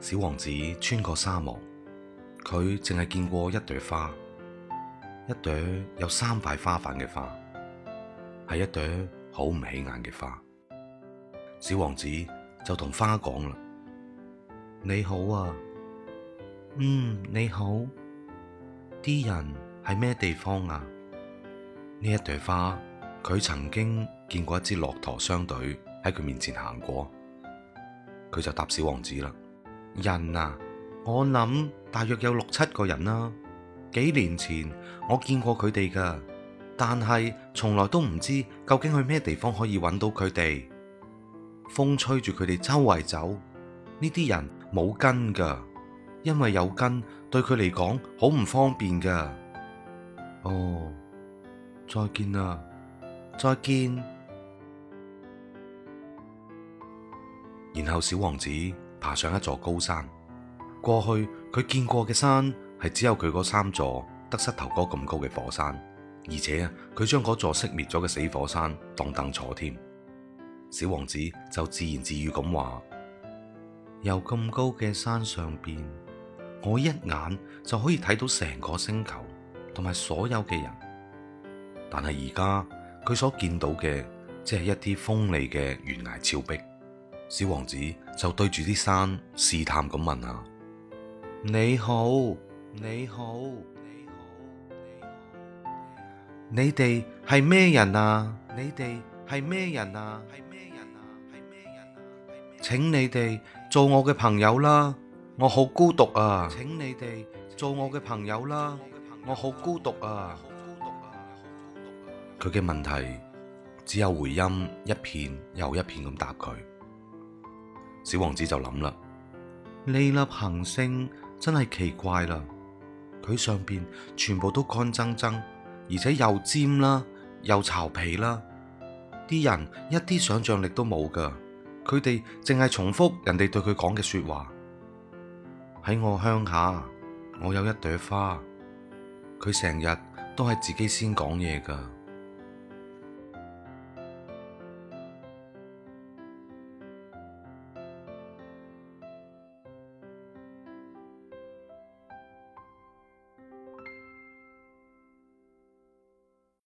小王子穿過沙漠，佢淨係見過一朵花，一朵有三塊花瓣嘅花，係一朵好唔起眼嘅花。小王子就同花講啦：你好啊，嗯，你好。啲人喺咩地方啊？呢一朵花佢曾經見過一支駱駝商隊喺佢面前行過，佢就答小王子啦。人啊，我諗大約有六七個人啦。幾年前我見過佢哋噶，但係從來都唔知究竟去咩地方可以揾到佢哋。風吹住佢哋周圍走，呢啲人冇根噶，因為有根對佢嚟講好唔方便噶。哦，再見啦，再見。然後小王子爬上一座高山，過去佢見過嘅山係只有佢嗰三座得膝頭哥咁高嘅火山，而且佢將嗰座熄滅咗嘅死火山當凳坐添。小王子就自言自語咁話：由咁高嘅山上邊，我一眼就可以睇到成個星球同埋所有嘅人。但係而家佢所見到嘅，即係一啲鋒利嘅懸崖峭壁。小王子就對住啲山試探咁問啊，你好，你好，你好，你好，你哋係咩人啊？你哋係咩人啊？係咩人啊？係咩人啊？人啊？請你哋做我嘅朋友啦，我好孤獨啊！請你哋做我嘅朋友啦，我好孤獨啊！佢嘅、啊、問題只有回音一片又一片咁答佢。小王子就諗啦，呢粒行星真係奇怪啦，佢上邊全部都乾爭爭，而且又尖啦，又巢皮啦，啲人一啲想象力都冇噶，佢哋淨係重複人哋對佢講嘅說話。喺我鄉下，我有一朵花，佢成日都係自己先講嘢噶。